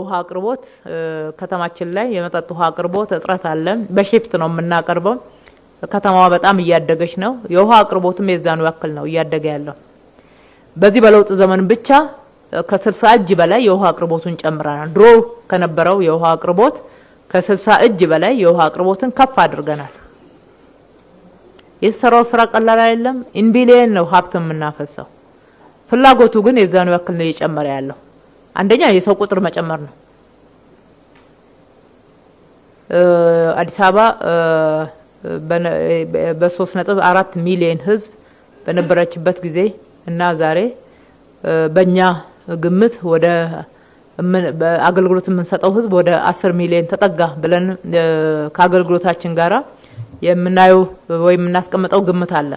ውሃ አቅርቦት ከተማችን ላይ የመጠጥ ውሃ አቅርቦት እጥረት አለን። በሽፍት ነው የምናቀርበው። ከተማዋ በጣም እያደገች ነው። የውሃ አቅርቦትም የዛኑ ያክል ነው እያደገ ያለው። በዚህ በለውጥ ዘመን ብቻ ከስልሳ እጅ በላይ የውሃ አቅርቦቱን ጨምረናል። ድሮ ከነበረው የውሃ አቅርቦት ከስልሳ እጅ በላይ የውሃ አቅርቦትን ከፍ አድርገናል። የተሰራው ስራ ቀላል አይደለም። ኢንቢሊየን ነው ሀብት የምናፈሰው። ፍላጎቱ ግን የዛኑ ያክል ነው እየጨመረ ያለው። አንደኛ የሰው ቁጥር መጨመር ነው። አዲስ አበባ በሶስት ነጥብ አራት ሚሊዮን ህዝብ በነበረችበት ጊዜ እና ዛሬ በእኛ ግምት ወደ አገልግሎት የምንሰጠው ህዝብ ወደ አስር ሚሊዮን ተጠጋ ብለን ከአገልግሎታችን ጋራ የምናየው ወይም የምናስቀምጠው ግምት አለ።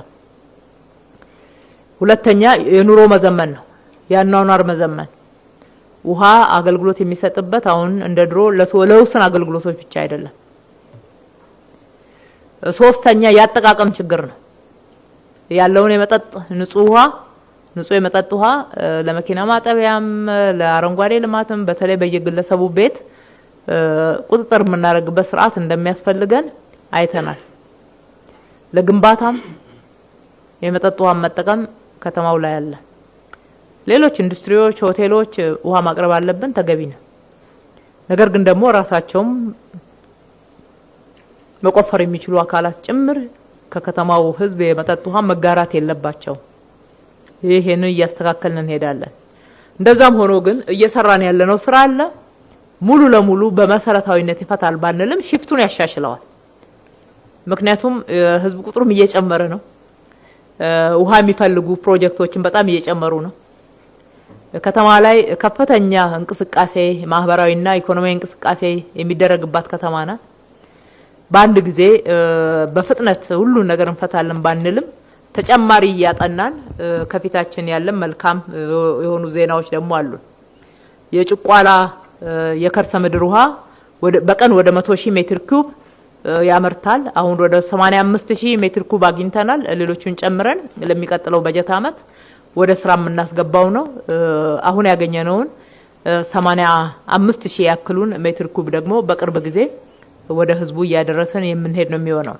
ሁለተኛ የኑሮ መዘመን ነው፣ የአኗኗር መዘመን ውሃ አገልግሎት የሚሰጥበት አሁን እንደ ድሮ ለውስን አገልግሎቶች ብቻ አይደለም። ሶስተኛ የአጠቃቀም ችግር ነው። ያለውን የመጠጥ ንጹህ ውሃ ንጹህ የመጠጥ ውሃ ለመኪና ማጠቢያም ለአረንጓዴ ልማትም በተለይ በየግለሰቡ ቤት ቁጥጥር የምናደርግበት ስርዓት እንደሚያስፈልገን አይተናል። ለግንባታም የመጠጥ ውሃ መጠቀም ከተማው ላይ አለ። ሌሎች ኢንዱስትሪዎች፣ ሆቴሎች ውሃ ማቅረብ አለብን፣ ተገቢ ነው። ነገር ግን ደግሞ ራሳቸውም መቆፈር የሚችሉ አካላት ጭምር ከከተማው ህዝብ የመጠጥ ውሃ መጋራት የለባቸው። ይህንን እያስተካከልን እንሄዳለን። እንደዛም ሆኖ ግን እየሰራን ያለነው ስራ አለ። ሙሉ ለሙሉ በመሰረታዊነት ይፈታል ባንልም ሽፍቱን ያሻሽለዋል። ምክንያቱም ህዝብ ቁጥሩም እየጨመረ ነው። ውሃ የሚፈልጉ ፕሮጀክቶችን በጣም እየጨመሩ ነው። ከተማ ላይ ከፍተኛ እንቅስቃሴ ማህበራዊና ኢኮኖሚያዊ እንቅስቃሴ የሚደረግባት ከተማ ናት። በአንድ ጊዜ በፍጥነት ሁሉን ነገር እንፈታለን ባንልም ተጨማሪ እያጠናን ከፊታችን ያለን መልካም የሆኑ ዜናዎች ደግሞ አሉ። የጭቋላ የከርሰ ምድር ውሃ በቀን ወደ መቶ ሺህ ሜትር ኩብ ያመርታል። አሁን ወደ 85 ሺህ ሜትር ኩብ አግኝተናል። ሌሎቹን ጨምረን ለሚቀጥለው በጀት ዓመት ወደ ስራ የምናስገባው ነው። አሁን ያገኘነውን 85 ሺህ ያክሉን ሜትር ኩብ ደግሞ በቅርብ ጊዜ ወደ ህዝቡ እያደረሰን የምንሄድ ነው የሚሆነው።